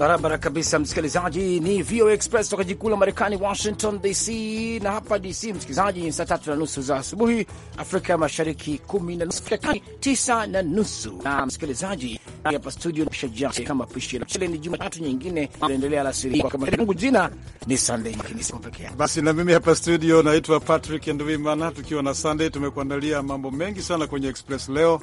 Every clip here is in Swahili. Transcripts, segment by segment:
Barabara kabisa, msikilizaji. Ni VOA Express toka jikuu la Marekani, Washington DC, na hapa DC msikilizaji ni saa tatu na nusu za asubuhi, Afrika Mashariki kumi na nusu tisa na nusu na msikilizaji hapa studio shajaa kama pishi la chile, Ni Jumatatu nyingine inaendelea alasiri, kama Mungu jina ni Sunday peke yake. Basi na mimi hapa studio naitwa Patrick Nduvimana, tukiwa na Sunday tumekuandalia mambo mengi sana kwenye Express leo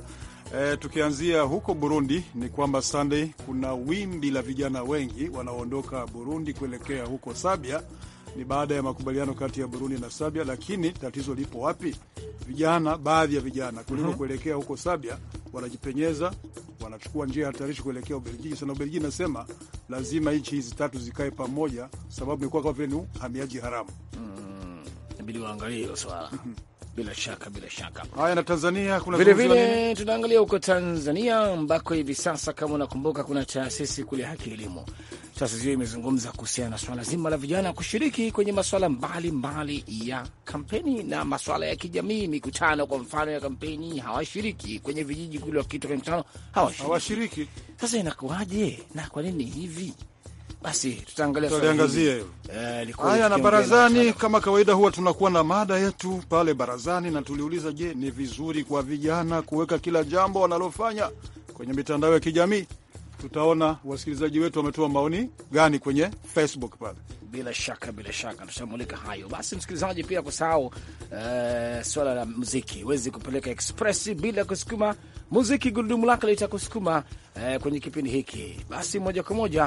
E, tukianzia huko Burundi ni kwamba Sunday, kuna wimbi la vijana wengi wanaoondoka Burundi kuelekea huko Sabia. Ni baada ya makubaliano kati ya Burundi na Sabia, lakini tatizo lipo wapi? Vijana, baadhi ya vijana kuliko mm -hmm. kuelekea huko Sabia wanajipenyeza, wanachukua njia hatarishi kuelekea Ubelgiji. Sana Ubelgiji nasema lazima nchi hizi tatu zikae pamoja, sababu imekuwa kama vile ni uhamiaji haramu. mm, inabidi waangalie hilo swala Bila shaka bila shaka. Haya, na Tanzania kuna vile vile tunaangalia huko Tanzania ambako hivi sasa kama unakumbuka, kuna taasisi kule Haki Elimu. Taasisi hiyo imezungumza kuhusiana na swala zima la vijana kushiriki kwenye masuala mbalimbali ya kampeni na masuala ya kijamii, mikutano kwa mfano ya kampeni, hawashiriki kwenye vijiji kule, wakitwa kwenye mkutano hawashiriki. Sasa inakuwaje na kwa nini hivi? Basi tutaangalia eh, haya na barazani. Kama kawaida, huwa tunakuwa na mada yetu pale barazani, na tuliuliza, je, ni vizuri kwa vijana kuweka kila jambo wanalofanya kwenye mitandao ya kijamii? tutaona wasikilizaji wetu wametoa maoni gani kwenye Facebook pale. Bila shaka, bila shaka tutamulika hayo. Basi msikilizaji, pia kusahau uh, swala la muziki, huwezi kupeleka express bila kusukuma muziki, gurudumu lake litakusukuma uh, kwenye kipindi hiki. Basi moja kwa moja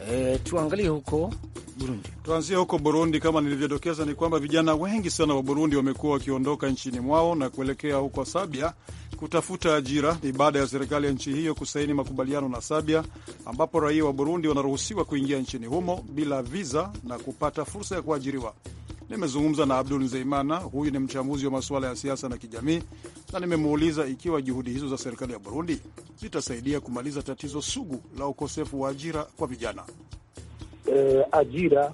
uh, tuangalie huko Burundi. Tuanzie huko Burundi. Kama nilivyodokeza, ni kwamba vijana wengi sana wa Burundi wamekuwa wakiondoka nchini mwao na kuelekea huko Sabia kutafuta ajira. Ni baada ya serikali ya nchi hiyo kusaini makubaliano na Sabia, ambapo raia wa Burundi wanaruhusiwa kuingia nchini humo bila viza na kupata fursa ya kuajiriwa. Nimezungumza na Abdul Nzeimana, huyu ni mchambuzi wa masuala ya siasa na kijamii, na nimemuuliza ikiwa juhudi hizo za serikali ya Burundi zitasaidia kumaliza tatizo sugu la ukosefu wa ajira kwa vijana eh, ajira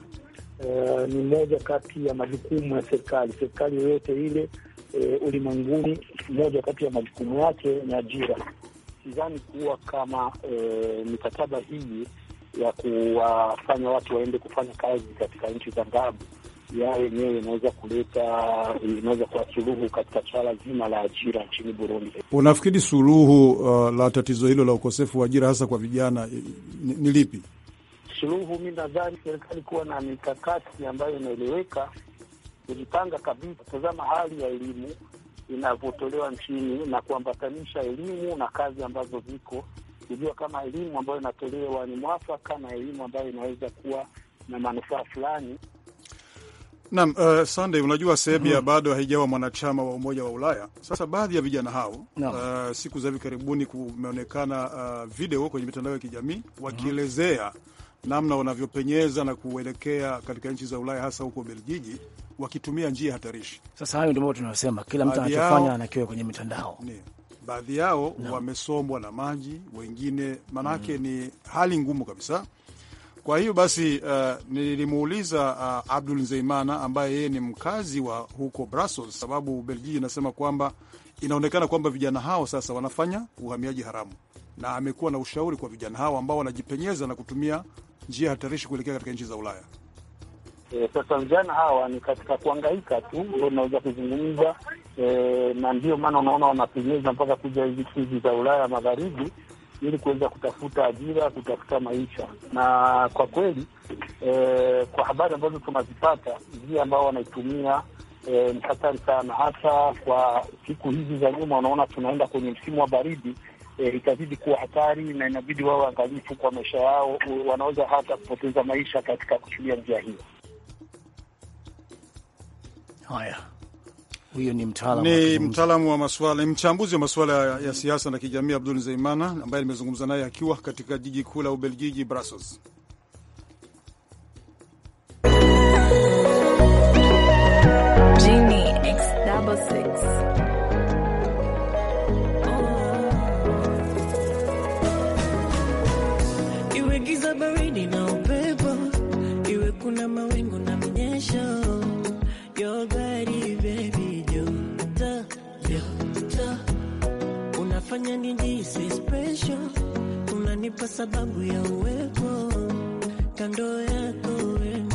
eh, ni moja kati ya majukumu ya serikali. Serikali yoyote ile eh, ulimwenguni, moja kati ya majukumu yake ni ajira. Sidhani kuwa kama eh, mikataba hii ya kuwafanya watu waende kufanya kazi katika nchi za ng'ambo ya yenyewe inaweza kuleta inaweza kuwa suluhu katika swala zima la ajira nchini Burundi. Unafikiri suluhu uh, la tatizo hilo la ukosefu wa ajira hasa kwa vijana eh, ni lipi? suluhu, mi nadhani serikali kuwa na mikakati ambayo inaeleweka, kujipanga kabisa, tazama hali ya elimu inavyotolewa nchini na kuambatanisha elimu na kazi ambazo ziko, kujua kama elimu ambayo inatolewa ni mwafaka na elimu ambayo inaweza kuwa na manufaa fulani. Naam, uh, Sunday, unajua Serbia mm -hmm. bado haijawa mwanachama wa Umoja wa Ulaya. Sasa baadhi ya vijana hao no. uh, siku za hivi karibuni kumeonekana uh, video kwenye mitandao ya kijamii wakielezea mm -hmm namna wanavyopenyeza na kuelekea katika nchi za Ulaya, hasa huko Beljiji, wakitumia njia hatarishi. Sasa hayo ndio tunasema, kila mtu anachofanya anakiwa kwenye mitandao. Baadhi yao no. wamesombwa na maji, wengine manake mm. ni hali ngumu kabisa. Kwa hiyo basi, uh, nilimuuliza uh, Abdul Zeimana ambaye yeye ni mkazi wa huko Brussels, sababu Ubelgiji inasema kwamba inaonekana kwamba vijana hao sasa wanafanya uhamiaji haramu, na amekuwa na ushauri kwa vijana hao ambao wanajipenyeza na kutumia njia hatarishi kuelekea katika nchi za Ulaya. E, sasa vijana hawa ni katika kuangaika tu ndio naweza kuzungumza e, na ndio maana unaona wanapenyeza mpaka kuja hizi nchi za Ulaya magharibi ili kuweza kutafuta ajira, kutafuta maisha. Na kwa kweli e, kwa habari ambazo tunazipata, njia ambao wanaitumia e, ni hatari sana, hasa kwa siku hizi za nyuma, unaona tunaenda kwenye msimu wa baridi e, eh, itazidi kuwa hatari na inabidi wao waangalifu kwa maisha yao. Wanaweza hata kupoteza maisha katika kutumia njia hiyo. Haya, huyo ni mtaalamu ni mtaalamu wa masuala, mchambuzi wa masuala ya siasa na kijamii, Abdul Zeimana ambaye nimezungumza naye akiwa katika jiji kuu la Ubelgiji, Brussels. Genie, kuna mawingu na mnyesho yogari baby jota jota unafanya nijisi special unanipa sababu ya uwepo kando yako wewe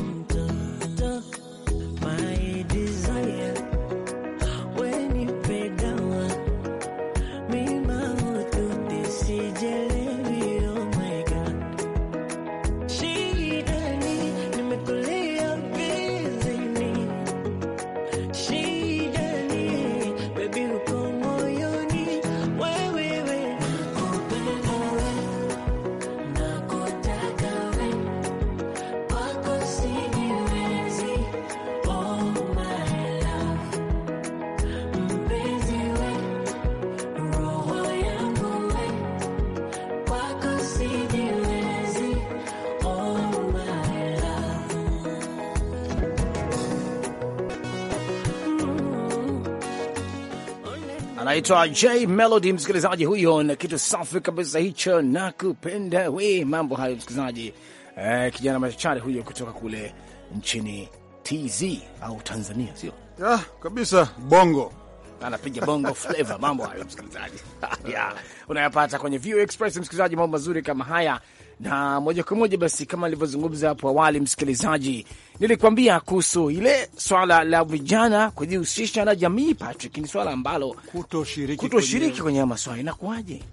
anaitwa J Melody, msikilizaji huyo, na kitu safi kabisa hicho, nakupenda we. Mambo hayo msikilizaji, eh, kijana machachari huyo kutoka kule nchini TZ au Tanzania, sio ah, kabisa bongo anapiga bongo flavor. Mambo hayo msikilizaji, yeah, unayapata kwenye View Express msikilizaji, mambo mazuri kama haya na moja kwa moja basi, kama nilivyozungumza hapo awali, msikilizaji, nilikwambia kuhusu ile swala la vijana kujihusisha na jamii. Patrick, ni swala ambalo kutoshiriki kuto kwenye kwenye maswala inakuwaje?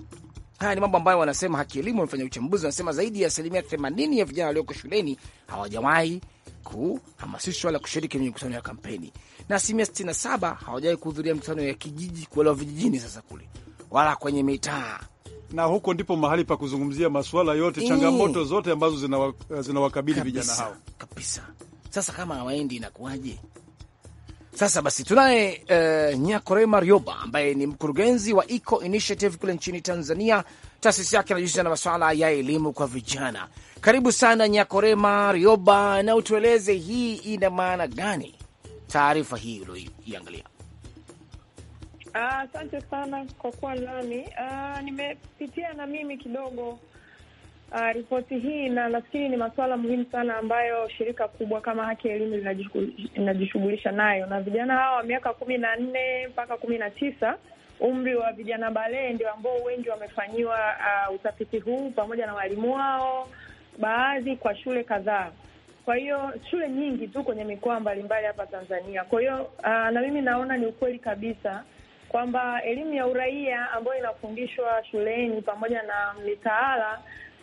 Haya ni mambo ambayo wanasema Hakielimu wamefanya uchambuzi, wanasema zaidi ya asilimia themanini ya vijana walioko shuleni hawajawahi kuhamasishwa wala kushiriki kwenye mikutano ya kampeni, na asilimia sitini na saba hawajawahi kuhudhuria mikutano ya kijiji kuelewa vijijini sasa kule, wala kwenye mitaa na huko ndipo mahali pa kuzungumzia masuala yote eee, eh. changamoto zote ambazo eh, zinawakabili zina vijana hao kabisa. Sasa kama hawaendi inakuwaje? Sasa basi tunaye uh, eh, Nyakorema Rioba ambaye ni mkurugenzi wa Eco Initiative kule nchini Tanzania. Taasisi yake inajihusisha na masuala ya elimu kwa vijana. Karibu sana Nyakorema Rioba, na utueleze hii ina maana gani, taarifa hii ulioiangalia? Ah, asante sana kwa kuwa nami. Ah, nimepitia na mimi kidogo Uh, ripoti hii na nafikiri ni masuala muhimu sana ambayo shirika kubwa kama Haki ya Elimu linajishughulisha nayo, na vijana hawa wa miaka kumi na nne mpaka kumi na tisa, umri wa vijana balee, ndio ambao wengi wamefanyiwa uh, utafiti huu pamoja na walimu wao, baadhi kwa shule kadhaa. Kwa hiyo shule nyingi tu kwenye mikoa mbalimbali hapa Tanzania. Kwa hiyo uh, na mimi naona ni ukweli kabisa kwamba elimu ya uraia ambayo inafundishwa shuleni pamoja na mitaala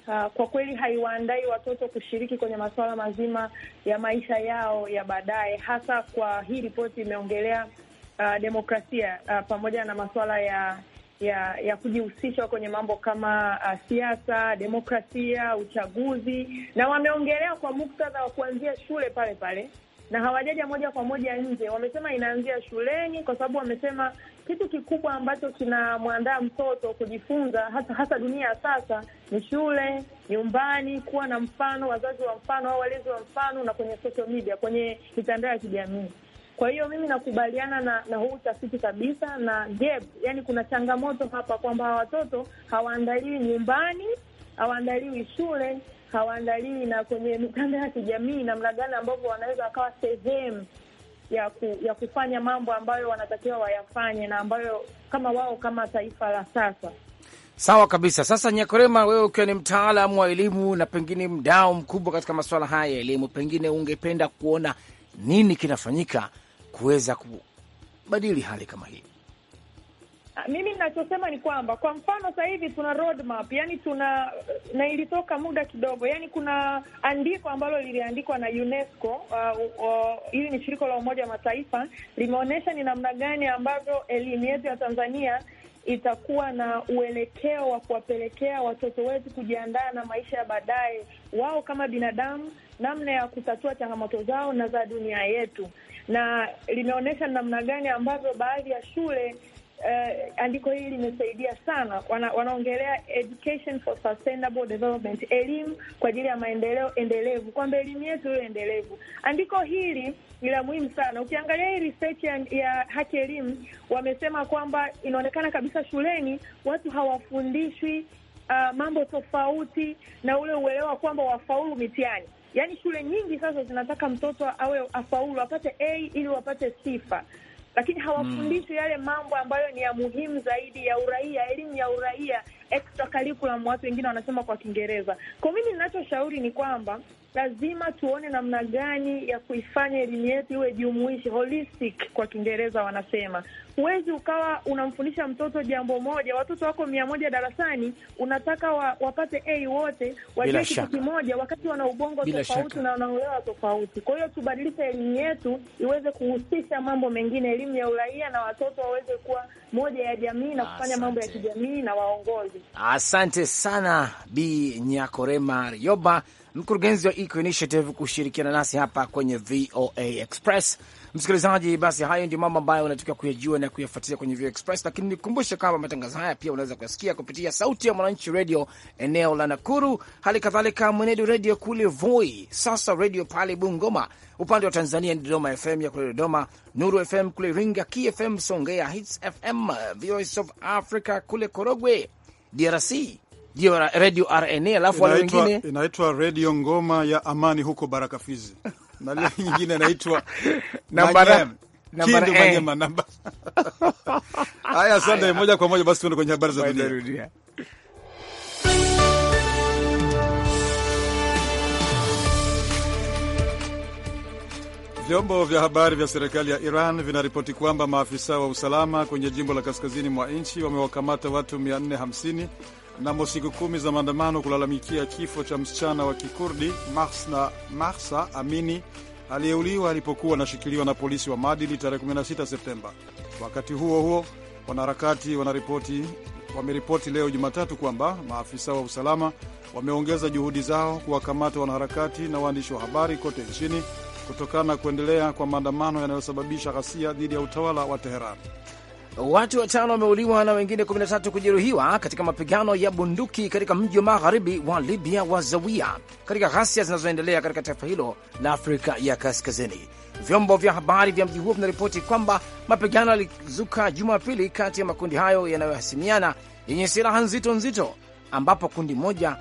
Uh, kwa kweli haiwaandai watoto kushiriki kwenye masuala mazima ya maisha yao ya baadaye, hasa kwa hii ripoti imeongelea uh, demokrasia uh, pamoja na masuala ya ya, ya kujihusishwa kwenye mambo kama uh, siasa, demokrasia, uchaguzi na wameongelea kwa muktadha wa kuanzia shule pale pale na hawajaja moja kwa moja nje. Wamesema inaanzia shuleni, kwa sababu wamesema kitu kikubwa ambacho kinamwandaa mtoto kujifunza hasa, hasa dunia ya sasa ni shule, nyumbani, kuwa na mfano, wazazi wa mfano au walezi wa mfano, na kwenye social media, kwenye mitandao ya kijamii. Kwa hiyo mimi nakubaliana na, na huu utafiti kabisa na gap, yani kuna changamoto hapa kwamba watoto hawaandaliwi nyumbani, hawaandaliwi shule hawaandalii na kwenye mitandao ya kijamii namna gani ambavyo wanaweza wakawa sehemu ya ku, ya kufanya mambo ambayo wanatakiwa wayafanye na ambayo kama wao kama taifa la sasa. Sawa kabisa. Sasa Nyakorema, wewe ukiwa ni mtaalamu wa elimu na pengine mdao mkubwa katika masuala haya ya elimu, pengine ungependa kuona nini kinafanyika kuweza kubadili hali kama hii? Ah, mimi ninachosema ni kwamba kwa mfano sasa hivi tuna roadmap, yani tuna na ilitoka muda kidogo, yani kuna andiko ambalo liliandikwa na UNESCO uh, ah, uh, hili ni shiriko la Umoja wa Mataifa, limeonyesha ni namna gani ambavyo elimu yetu ya Tanzania itakuwa na uelekeo wa kuwapelekea watoto wetu kujiandaa na maisha ya baadaye, wao kama binadamu, namna ya kutatua changamoto zao na za dunia yetu, na limeonyesha namna gani ambavyo baadhi ya shule uh, andiko hili limesaidia sana. Wana, wanaongelea education for sustainable development, elimu kwa ajili ya maendeleo endelevu, kwamba elimu yetu hiyo endelevu. Andiko hili ni la muhimu sana. Ukiangalia hii research ya, ya haki elimu, wamesema kwamba inaonekana kabisa shuleni watu hawafundishwi Uh, mambo tofauti na ule uelewa kwamba wafaulu mitihani. Yaani shule nyingi sasa zinataka mtoto awe afaulu apate A ili wapate sifa, lakini hawafundishi hmm. yale mambo ambayo ni ya muhimu zaidi ya uraia, elimu ya uraia extra curriculum, watu wengine wanasema kwa Kiingereza. Kwa mimi ninachoshauri ni kwamba lazima tuone namna gani ya kuifanya elimu yetu iwe jumuishi, holistic kwa Kiingereza wanasema. Huwezi ukawa unamfundisha mtoto jambo moja, watoto wako mia moja darasani, unataka wa, wapate A wote wajue kitu kimoja, wakati wana ubongo tofauti na wanaolewa tofauti. Kwa hiyo tubadilishe elimu yetu iweze kuhusisha mambo mengine, elimu ya uraia na watoto waweze kuwa moja ya jamii na kufanya mambo ya kijamii na waongozi. Asante sana b Nyakorema Rioba, mkurugenzi wa Eco Initiative, kushirikiana nasi hapa kwenye VOA Express. Msikilizaji, basi hayo ndio mambo ambayo unatakiwa kuyajua na kuyafuatilia kwenye VOA Express, lakini nikukumbushe kwamba matangazo haya pia unaweza kuyasikia kupitia Sauti ya Mwananchi redio eneo la Nakuru, hali kadhalika Mwenedu redio kule Voi, sasa redio pale Bungoma, upande wa Tanzania ni Dodoma FM ya kule Dodoma, Nuru FM kule Iringa, KFM Songea, Hits FM, Voice of Africa kule Korogwe, DRC ndio radio RNA, alafu wale wengine inaitwa radio ngoma ya amani huko Baraka Fizi, na lile nyingine inaitwa namba namba. Haya, asante. Moja kwa moja basi tuende kwenye habari za dunia. Vyombo vya habari vya serikali ya Iran vinaripoti kwamba maafisa wa usalama kwenye jimbo la kaskazini mwa nchi wamewakamata watu 450 mnamo siku kumi za maandamano kulalamikia kifo cha msichana wa Kikurdi Mahsa, Mahsa Amini aliyeuliwa alipokuwa anashikiliwa na polisi wa maadili tarehe 16 Septemba. Wakati huo huo, wanaharakati wanaripoti wameripoti leo Jumatatu kwamba maafisa wa usalama wameongeza juhudi zao kuwakamata wanaharakati na waandishi wa habari kote nchini kutokana na kuendelea kwa maandamano yanayosababisha ghasia dhidi ya utawala wa Teheran. Watu watano wameuliwa na wengine 13 kujeruhiwa katika mapigano ya bunduki katika mji wa magharibi wa Libya wa Zawia, katika ghasia zinazoendelea katika taifa hilo la Afrika ya Kaskazini. Vyombo vya habari vya mji huo vinaripoti kwamba mapigano yalizuka Jumapili kati ya makundi hayo yanayohasimiana yenye silaha nzito nzito, ambapo kundi moja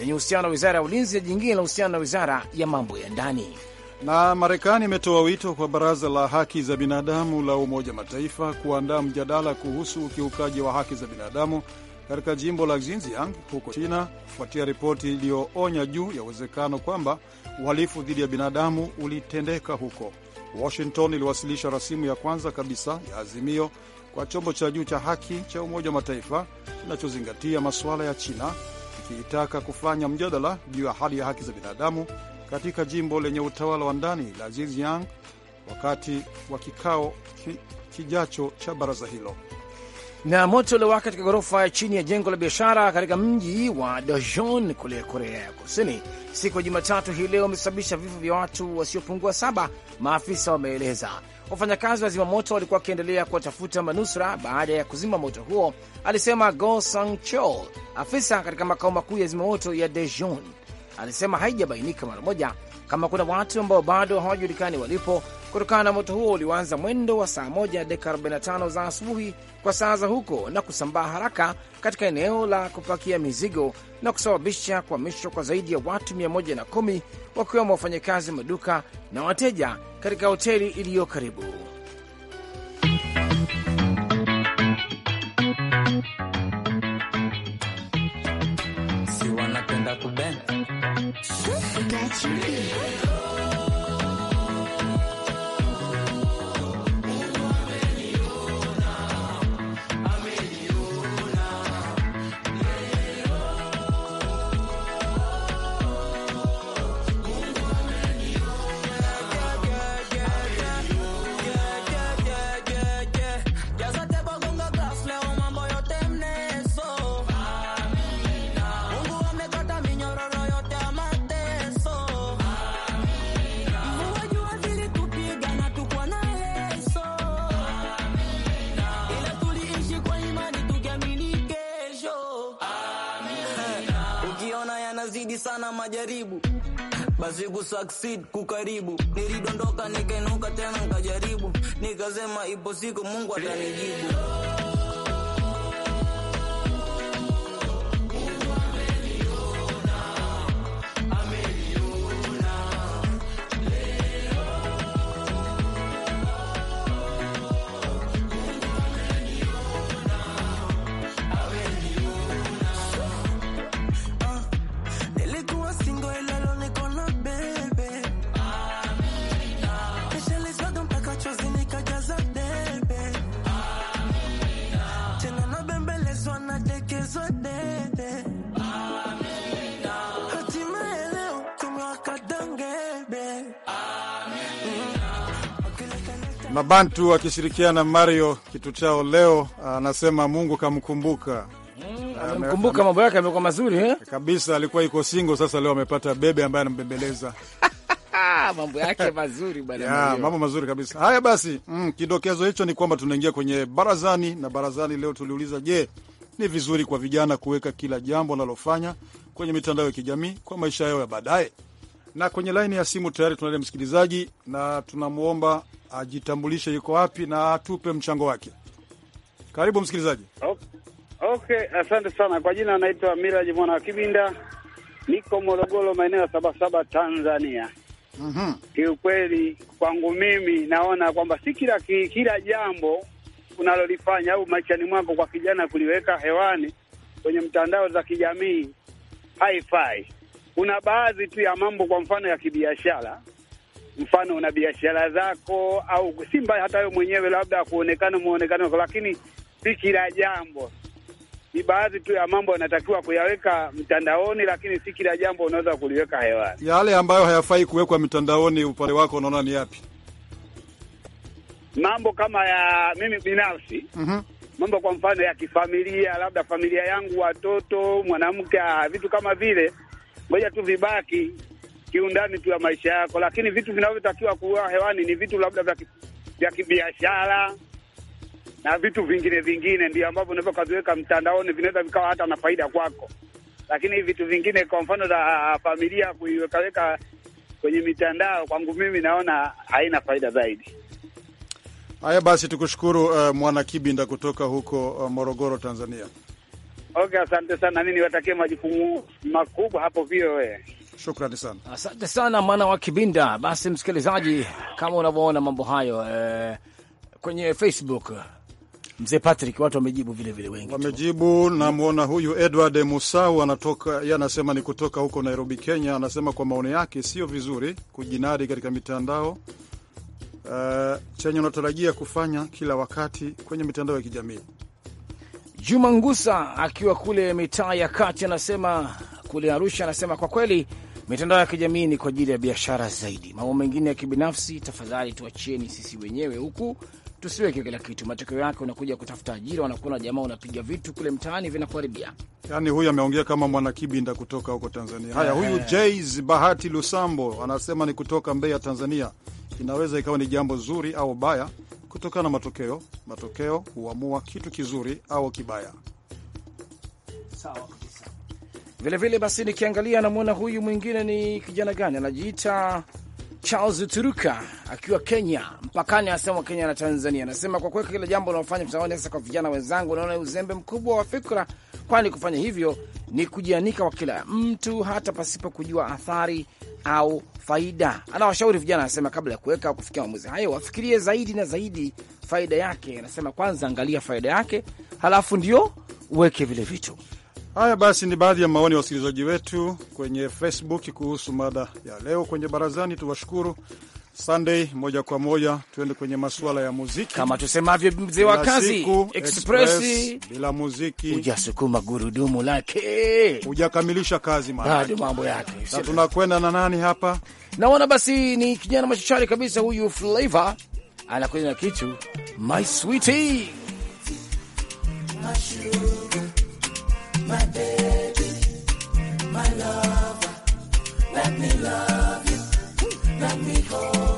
lenye uhusiano na wizara ya ulinzi na jingine linahusiana na wizara ya mambo ya ndani. Na Marekani imetoa wito kwa Baraza la Haki za Binadamu la Umoja Mataifa kuandaa mjadala kuhusu ukiukaji wa haki za binadamu katika jimbo la Xinjiang huko China kufuatia ripoti iliyoonya juu ya uwezekano kwamba uhalifu dhidi ya binadamu ulitendeka huko. Washington iliwasilisha rasimu ya kwanza kabisa ya azimio kwa chombo cha juu cha haki cha Umoja wa Mataifa kinachozingatia masuala ya China, ikiitaka kufanya mjadala juu ya hali ya haki za binadamu katika jimbo lenye utawala wa ndani la Xinjiang wakati wa kikao ki, kijacho cha baraza hilo. Na moto uliowaka katika ghorofa ya chini ya jengo la biashara katika mji wa dojon kule Korea ya Kusini siku ya Jumatatu hii leo umesababisha vifo vya watu wasiopungua saba, maafisa wameeleza. Wafanyakazi wa zimamoto walikuwa wakiendelea kuwatafuta manusura baada ya kuzima moto huo, alisema Go Sang Chol, afisa katika makao makuu ya zimamoto ya dejon alisema haijabainika mara moja kama kuna watu ambao bado hawajulikani walipo kutokana na moto huo ulioanza mwendo wa saa moja na dakika 45 za asubuhi kwa saa za huko na kusambaa haraka katika eneo la kupakia mizigo na kusababisha kuhamishwa kwa zaidi ya watu 110 wakiwemo wafanyakazi wa maduka na wateja katika hoteli iliyo karibu. It's basi kusucceed kukaribu. Nilidondoka nikainuka tena nikajaribu, nikasema ipo siku Mungu atanijibu. Bantu akishirikiana Mario kitu chao leo, anasema Mungu kamkumbuka mm, amemkumbuka mambo yake amekuwa mazuri eh? Kabisa, alikuwa iko singo, sasa leo amepata bebe ambaye anambembeleza mambo yake mazuri bwana ya, mambo mazuri kabisa. Haya basi, mm, kidokezo hicho ni kwamba tunaingia kwenye barazani, na barazani leo tuliuliza, je, ni vizuri kwa vijana kuweka kila jambo analofanya kwenye mitandao ya kijamii kwa maisha yao ya baadaye? na kwenye laini ya simu tayari tunaye msikilizaji na tunamwomba ajitambulishe yuko wapi na atupe mchango wake. Karibu msikilizaji. Okay, asante sana kwa jina, anaitwa Miraji mwana wa Kibinda, niko Morogoro, maeneo ya Sabasaba, Tanzania. mm -hmm. Kiukweli kwangu mimi naona kwamba si kila kila jambo unalolifanya au maishani mwako kwa kijana kuliweka hewani kwenye mtandao za kijamii haifai kuna baadhi tu ya mambo, kwa mfano ya kibiashara, mfano una biashara zako au si hata wewe mwenyewe labda kuonekana muonekano, lakini si kila jambo ni baadhi tu ya mambo yanatakiwa kuyaweka mtandaoni, lakini si kila jambo unaweza kuliweka hewani. Yale ambayo hayafai kuwekwa mtandaoni upande wako unaona ni yapi? Mambo kama ya mimi binafsi mm -hmm. Mambo kwa mfano ya kifamilia, labda familia yangu, watoto, mwanamke, vitu kama vile ngoja tu vibaki kiundani tu ya maisha yako, lakini vitu vinavyotakiwa kuwa hewani ni vitu labda vya kibiashara na vitu vingine vingine, ndio ambavyo unaweza ukaziweka mtandaoni, vinaweza vikawa hata na faida kwako. Lakini vitu vingine, kwa mfano za familia, kuiwekaweka kwenye mitandao, kwangu mimi naona haina faida zaidi. Haya basi, tukushukuru uh, Mwana Kibinda kutoka huko uh, Morogoro, Tanzania. Okay, asante sana, mi niwatakie majukumu makubwa hapo VOA. Shukrani sana, asante sana mwana wa Kibinda. Basi msikilizaji, kama unavyoona mambo hayo eh, kwenye Facebook Mzee Patrick, watu wamejibu vile vile, wengi wamejibu. Namwona huyu Edward Musau anatoka, yeye anasema ni kutoka huko Nairobi, Kenya. Anasema kwa maoni yake sio vizuri kujinadi katika mitandao uh, chenye unatarajia kufanya kila wakati kwenye mitandao ya kijamii Juma Ngusa akiwa kule mitaa ya kati anasema kule Arusha, anasema kwa kweli mitandao ya kijamii ni kwa ajili ya biashara zaidi. Mambo mengine ya kibinafsi, tafadhali tuachieni sisi wenyewe huku, tusiweke kila kitu. Matokeo yake unakuja kutafuta ajira, wanakuona jamaa unapiga vitu kule mtaani vinakuharibia. yani huyu ameongea kama mwanakibinda kutoka huko Tanzania. Haya, huyu eh. Jais Bahati Lusambo anasema ni kutoka Mbeya, Tanzania. Inaweza ikawa ni jambo zuri au baya kutokana na matokeo. Matokeo huamua kitu kizuri au kibaya. Sawa. Vile vile basi, nikiangalia namwona huyu mwingine ni kijana gani anajiita Charles Turuka akiwa Kenya mpakani, anasema Kenya na Tanzania. Anasema kwa kuweka kila jambo unaofanya mtandaoni, sasa kwa vijana wenzangu, naona uzembe mkubwa wa fikra, kwani kufanya hivyo ni kujianika kwa kila mtu hata pasipo kujua athari au faida. Anawashauri vijana, anasema kabla ya kuweka kufikia maamuzi hayo wafikirie zaidi na zaidi faida yake. Anasema kwanza angalia faida yake, halafu ndio uweke vile vitu. Haya basi, ni baadhi ya maoni ya wasikilizaji wetu kwenye Facebook kuhusu mada ya leo kwenye barazani. Tuwashukuru Sunday moja kwa moja tuende kwenye masuala ya muziki, kama tusemavyo mzee wa kazi express, bila muziki hujasukuma gurudumu lake, hujakamilisha kazi, bado mambo yake. Na tunakwenda na nani hapa? Naona basi ni kijana machachari kabisa huyu Flavor anakwenda na kitu my sweetie my go.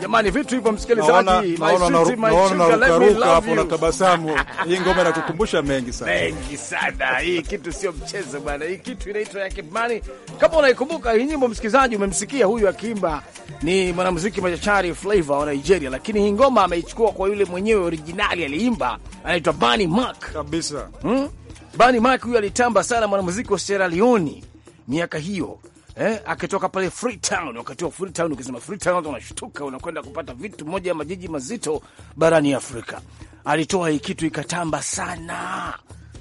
Jamani, vitu hivyo msikilizaji, naruka hapo na tabasamu. Hii ngoma inakukumbusha mengi sana, mengi sana. Hii kitu sio mchezo bwana, hii kitu inaitwa ya Kibmani. Kama unaikumbuka hii nyimbo, msikilizaji, umemsikia huyu akiimba, ni mwanamuziki machachari Flavor wa Nigeria, lakini hii ngoma ameichukua kwa yule mwenyewe originali aliimba, anaitwa Bani Mark kabisa, hmm? Bani Mark huyu alitamba sana, mwanamuziki wa Sierra Leone miaka hiyo eh, akitoka pale Freetown. Wakati wa Freetown, ukisema Freetown unashtuka, unakwenda kupata vitu, moja ya majiji mazito barani Afrika. Alitoa hii kitu ikatamba sana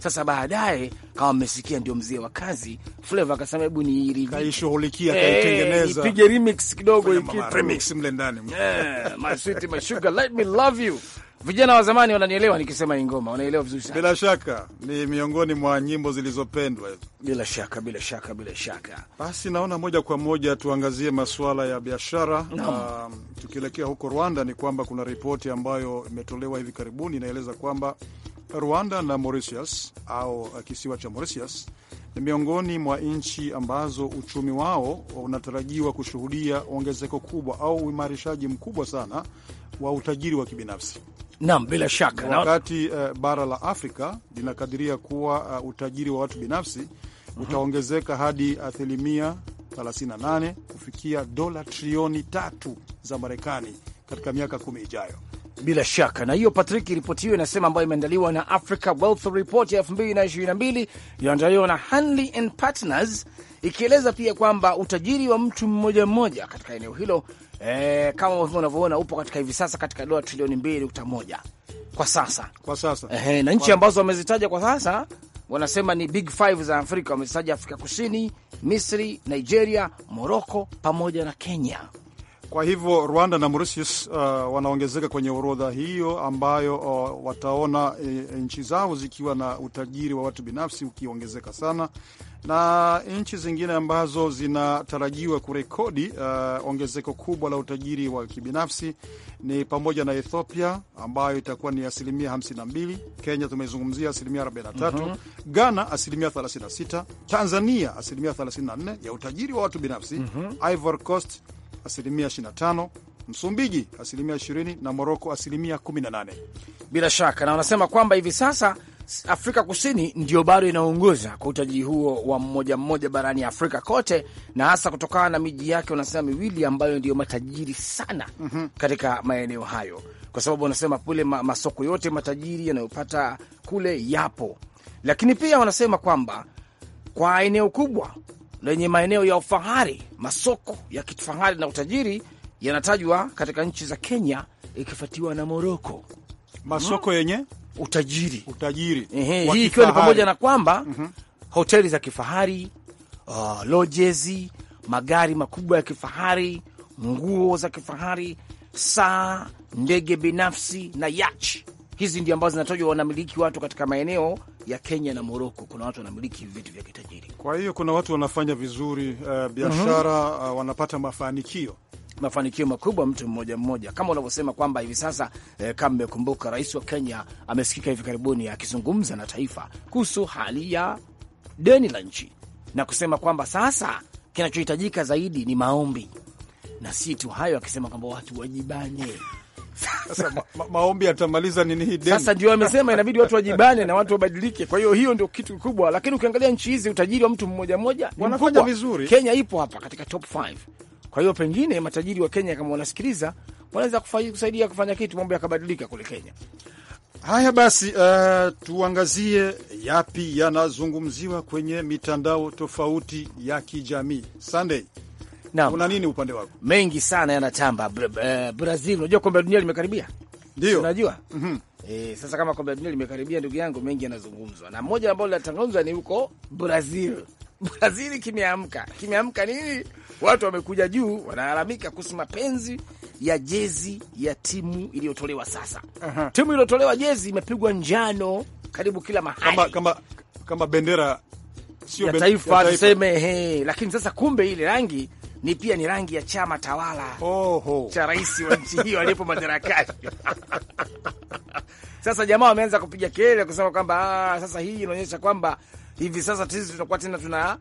sasa baadaye kama mmesikia, ndio mzee wa kazi Flava akasema hebu ni kaishughulikia eh, kaitengeneza, nipige remix kidogo remix mle ndani eh, my sweet my sugar let me love you. Vijana wa zamani wananielewa nikisema hii ngoma, wanaelewa vizuri sana. Bila shaka ni miongoni mwa nyimbo zilizopendwa hizo, bila shaka, bila shaka, bila shaka. Basi naona moja kwa moja tuangazie masuala ya biashara no. Ah, tukielekea huko Rwanda, ni kwamba kuna ripoti ambayo imetolewa hivi karibuni inaeleza kwamba Rwanda na Mauritius au uh, kisiwa cha Mauritius ni miongoni mwa nchi ambazo uchumi wao unatarajiwa kushuhudia ongezeko kubwa au uimarishaji mkubwa sana wa utajiri wa kibinafsi. Naam, bila shaka. Wakati uh, bara la Afrika linakadiria kuwa uh, utajiri wa watu binafsi uh mhm. -huh. utaongezeka hadi asilimia 38 kufikia dola trilioni tatu za Marekani katika miaka kumi ijayo. Bila shaka na hiyo Patrick, ripoti hiyo inasema, ambayo imeandaliwa na Africa Wealth Report ya 2022 iliyoandaliwa na Hanley and Partners, ikieleza pia kwamba utajiri wa mtu mmoja mmoja katika eneo hilo e, kama unavyoona upo katika hivi sasa katika dola trilioni 2.1 kwa sasa, kwa sasa. E, na nchi ambazo wamezitaja kwa sasa wanasema ni big five za Afrika, wamezitaja Afrika Kusini, Misri, Nigeria, Morocco pamoja na Kenya. Kwa hivyo Rwanda na Mauritius uh, wanaongezeka kwenye orodha hiyo ambayo uh, wataona e, nchi zao zikiwa na utajiri wa watu binafsi ukiongezeka sana, na nchi zingine ambazo zinatarajiwa kurekodi uh, ongezeko kubwa la utajiri wa kibinafsi ni pamoja na Ethiopia ambayo itakuwa ni asilimia 52, Kenya tumezungumzia asilimia 43, mm -hmm. Ghana asilimia 36, Tanzania asilimia 34 ya utajiri wa watu binafsi mm -hmm. Ivory Coast asilimia 25, Msumbiji asilimia 20 na Moroko asilimia 18. Bila shaka na wanasema kwamba hivi sasa Afrika Kusini ndio bado inaongoza kwa utajiri huo wa mmoja mmoja barani Afrika kote, na hasa kutokana na miji yake wanasema miwili ambayo ndiyo matajiri sana mm -hmm. katika maeneo hayo, kwa sababu wanasema kule masoko yote matajiri yanayopata kule yapo, lakini pia wanasema kwamba kwa eneo kubwa lenye maeneo ya ufahari, masoko ya kifahari na utajiri yanatajwa katika nchi za Kenya ikifuatiwa na Moroko, masoko hmm? yenye utajiri, utajiri. Ehe, hii ikiwa ni pamoja na kwamba mm -hmm. hoteli za kifahari uh, lojezi, magari makubwa ya kifahari, nguo za kifahari, saa, ndege binafsi na yachi hizi ndio ambazo zinatajwa wanamiliki watu katika maeneo ya Kenya na Moroko. Kuna watu wanamiliki vitu vya kitajiri, kwa hiyo kuna watu wanafanya vizuri uh, biashara uh, wanapata mafanikio mafanikio makubwa mtu mmoja mmoja, kama unavyosema kwamba hivi sasa eh, kama mmekumbuka, rais wa Kenya amesikika hivi karibuni akizungumza na taifa kuhusu hali ya deni la nchi na kusema kwamba sasa kinachohitajika zaidi ni maombi, na si tu hayo, akisema kwamba watu wajibane sasa ma, ma, maombi atamaliza nini hii deni? Sasa ndio amesema inabidi watu wajibane na watu wabadilike. Kwa hiyo hiyo ndio kitu kikubwa, lakini ukiangalia nchi hizi utajiri wa mtu mmoja mmoja wanafanya vizuri. Kenya ipo hapa katika top 5. Kwa hiyo pengine matajiri wa Kenya kama wanasikiliza wanaweza kusaidia kufanya kitu, mambo yakabadilika kule Kenya. Haya basi, uh, tuangazie yapi yanazungumziwa kwenye mitandao tofauti ya kijamii Sunday. Naam. nini upande wako? Mengi sana yanatamba. Eh, Brazil, unajua kombe la dunia limekaribia? Ndio. Unajua? Mm -hmm. eh, sasa kama kombe la dunia limekaribia, ndugu yangu, mengi yanazungumzwa. Na moja ambao linatangazwa ni huko Brazil. Brazil kimeamka. Kimeamka nini? Watu wamekuja juu wanalalamika kuhusu mapenzi ya jezi ya timu iliyotolewa sasa. Uh -huh. Timu iliyotolewa jezi imepigwa njano karibu kila mahali. Kama kama kama bendera sio bendera taifa tuseme, hey, lakini sasa kumbe ile rangi ni pia ni rangi ya chama tawala cha rais wa nchi hiyo aliyepo madarakani. Sasa jamaa wameanza kupiga kelele kusema kwamba ah, sasa hii inaonyesha kwamba hivi sasa sisi tutakuwa tena tuna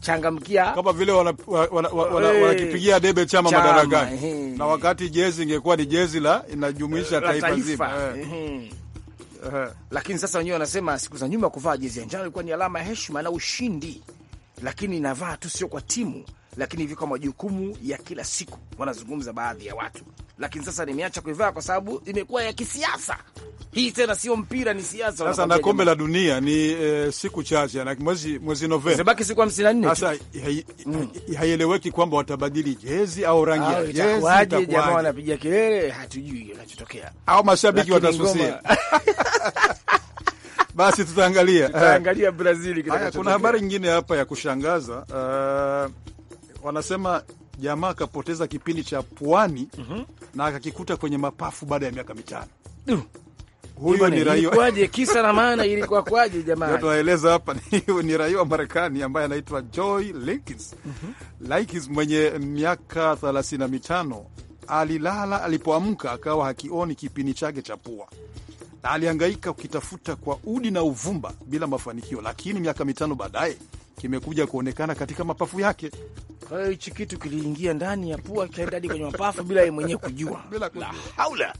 changamkia kama vile eh, wanakipigia debe chama, chama madarakani eh, eh. na wakati jezi ingekuwa ni jezi la inajumuisha taifa nzima. lakini sasa wenyewe wanasema siku za nyuma kuvaa jezi ya njano ilikuwa ni alama ya heshima na ushindi, lakini inavaa tu sio kwa timu lakini viko majukumu ya kila siku, wanazungumza baadhi ya watu. Lakini sasa nimeacha kuivaa kwa sababu imekuwa ya kisiasa. Hii tena sio mpira, ni siasa. Sasa na kombe la dunia ni e, siku chache na mwezi mwezi Novemba, zibaki siku 54. Sasa haieleweki mm, kwamba watabadili jezi au rangi ya ah, jezi, waje jamaa wanapiga kelele, hatujui kinachotokea au mashabiki watasusia Basi tutaangalia tutaangalia Brazil. Kuna habari nyingine hapa ya kushangaza uh, wanasema jamaa akapoteza kipindi cha puani mm -hmm. na akakikuta kwenye mapafu baada ya miaka mitano. Huyu ni raia kwaje? Kisa na maana ilikuwa kwaje? Jamani, tunaeleza hapa ni raia wa Marekani ambaye anaitwa Joy mm -hmm. mwenye miaka thelathini na mitano alilala, alipoamka akawa hakioni kipindi chake cha pua na alihangaika kukitafuta kwa udi na uvumba bila mafanikio, lakini miaka mitano baadaye kimekuja kuonekana katika mapafu yake. Kwa hiyo hichi kitu kiliingia ndani ya pua kikaenda hadi kwenye mapafu bila yeye mwenyewe kujua. La haula,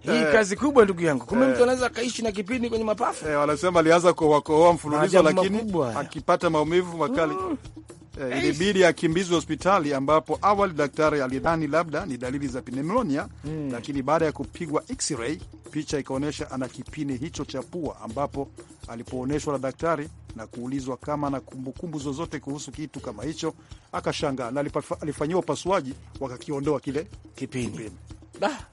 hii eh. kazi kubwa ndugu yangu. Kumbe mtu eh. anaweza kaishi na kipindi kwenye mapafu. Eh, wanasema alianza kuwakohoa mfululizo, lakini akipata maumivu makali mm. eh, eh, ilibidi akimbizwe hospitali ambapo awali daktari alidhani labda ni dalili za pneumonia hmm. Lakini baada ya kupigwa x-ray picha ikaonyesha ana kipini hicho cha pua, ambapo alipoonyeshwa na daktari na kuulizwa kama na kumbukumbu zozote kuhusu kitu kama hicho, akashangaa na alifanyiwa upasuaji wakakiondoa kile kipindi.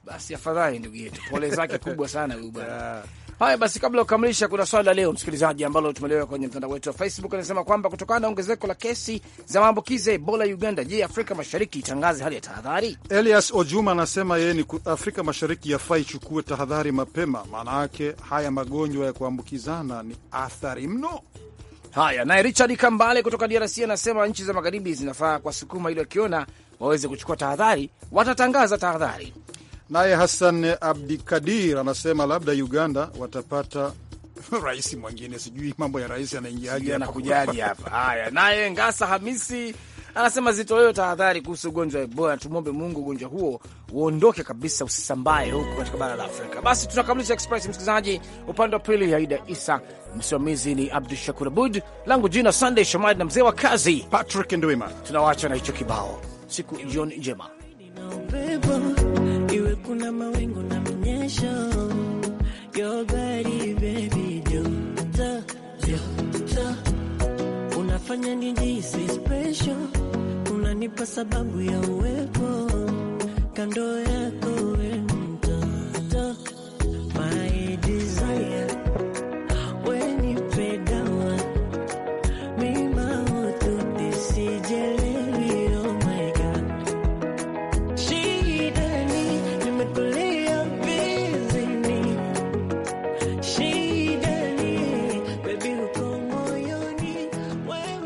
basi afadhali ndugu yetu, pole zake kubwa sana huyu bwana. Ah. Haya basi, kabla ya kukamilisha, kuna swali la leo msikilizaji, ambalo tumelewa kwenye mtandao wetu wa Facebook. Anasema kwamba kutokana na ongezeko la kesi za maambukizi ya Ebola Uganda, je, Afrika Mashariki itangaze hali ya tahadhari? Elias Ojuma anasema yeye ni Afrika Mashariki yafaa ichukue tahadhari mapema, maana yake haya magonjwa ya kuambukizana ni athari mno. Haya, naye Richard Kambale kutoka DRC anasema nchi za magharibi zinafaa kuwasukuma ili wakiona waweze kuchukua tahadhari, watatangaza tahadhari. Naye Hassan Abdikadir anasema labda Uganda watapata rais mwingine. Sijui mambo ya rais anaingiaje, anakujaje hapa? Haya, naye Ngasa Hamisi anasema zitolewe tahadhari kuhusu ugonjwa wa Ebola. Tumwombe Mungu ugonjwa huo uondoke kabisa, usisambae huku katika bara la Afrika. Basi tunakamilisha Express msikilizaji. Upande wa pili Aida Isa, msimamizi ni Abdu Shakur Abud, langu jina Sunday Shomari na mzee wa kazi Patrick Ndwima. Tunawacha na hicho kibao. Siku jioni njema kuna mawingu na mnyesho yogari baby joto joto unafanya nijihisi special unanipa sababu ya uwepo kando yako wewe